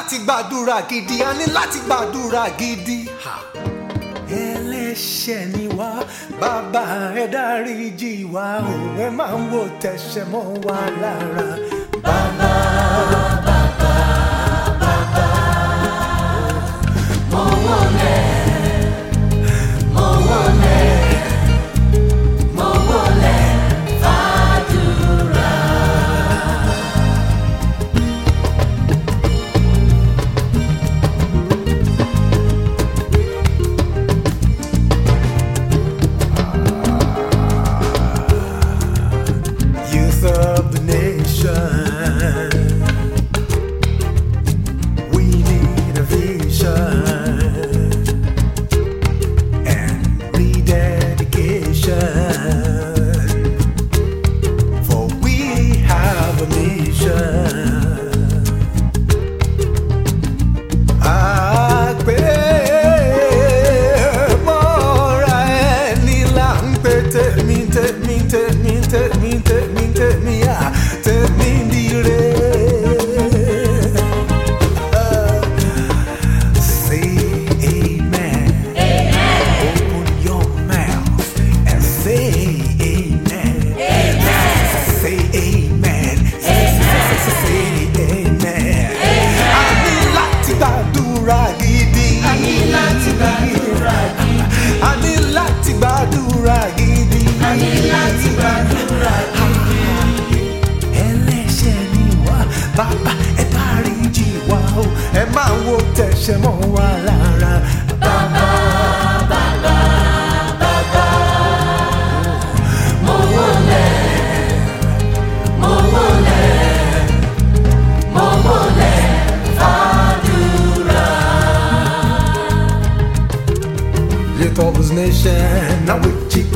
láti gbàdúrà gidi a ní láti gbàdúrà gidi. ẹlẹ́ṣẹ̀ ni wá bàbá ẹ dáríjì wá òwe máa ń wò tẹ̀sẹ̀ mọ́ wa lára bàbá. bàbá ẹ bá rí jì wá o ẹ máa wo tẹ̀sẹ̀ mọ́ wa rárá.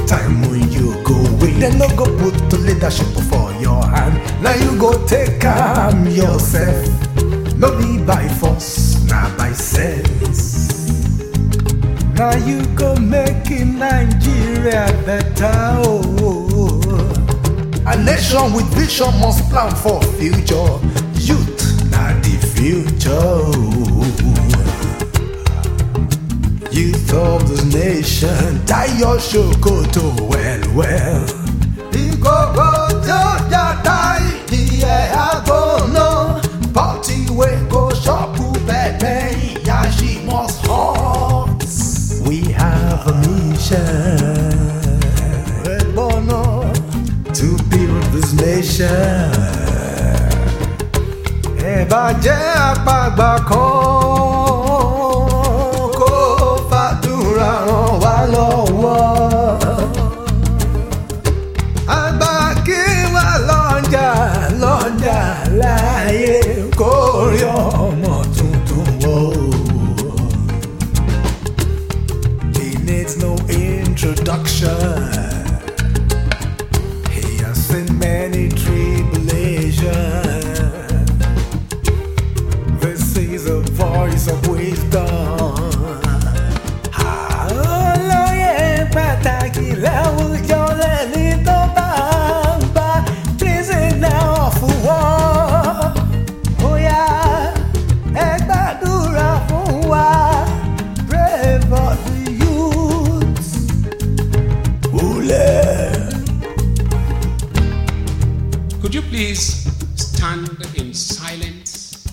time when you go away, Then no go put the leadership for your hand. Now you go take calm yourself. No be by force, not by sense. Now you go making Nigeria better. Oh, oh, oh. A nation with vision must plan for future. Youth, not the future. Oh. youth of this nation. Tie your shokoto well, well. Party we go pepe must We have a mission. to build this nation. Ẹ̀bàjẹ́ àpagbà kan. Gloria. Could you please stand in silence?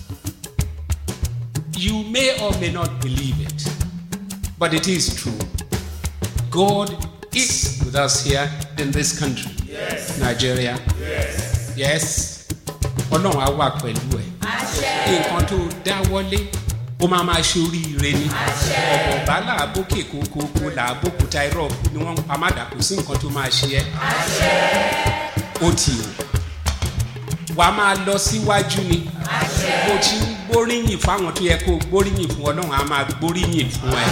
You may or may not believe it, but it is true. God is with us here in this country, yes. Nigeria. Yes. yes. Ọlọ́run á wà pẹ̀lú ẹ̀. Nǹkan tó dáwọ́lé ó máa máa ṣe oríire ni. Ọ̀bọ̀bá làbókè kókókó làbókúta irọ́ ni wọ́n ń pa má dàkú sí nǹkan tó máa ṣe ẹ́. Ó ti rìn. wà lọ síwájú ni bó ti tó yẹ kó gbóríyìn fún ọlọ́run á gbóríyìn fún ẹ.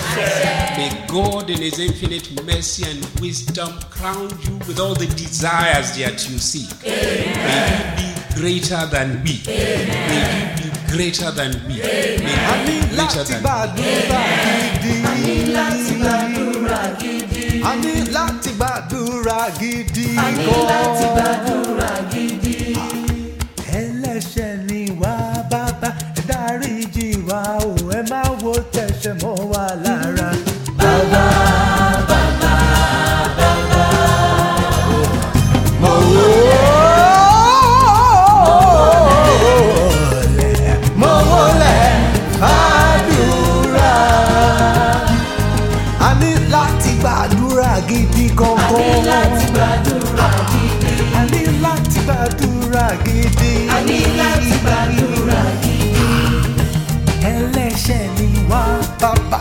may God in his infinite mercy and wisdom crown you with all the desires that you seek. may you be greater than we. may you be greater than we. may you be greater than we. a ní láti gidi. láti gidi. láti tẹ̀sẹ̀ mọ́ wa lára. Bàbá bàbá bàbá mo wò ó. Mo wò A ní láti gbàdúrà gidi kankan. A ní láti gbàdúrà gidi. A ní gidi. ba ba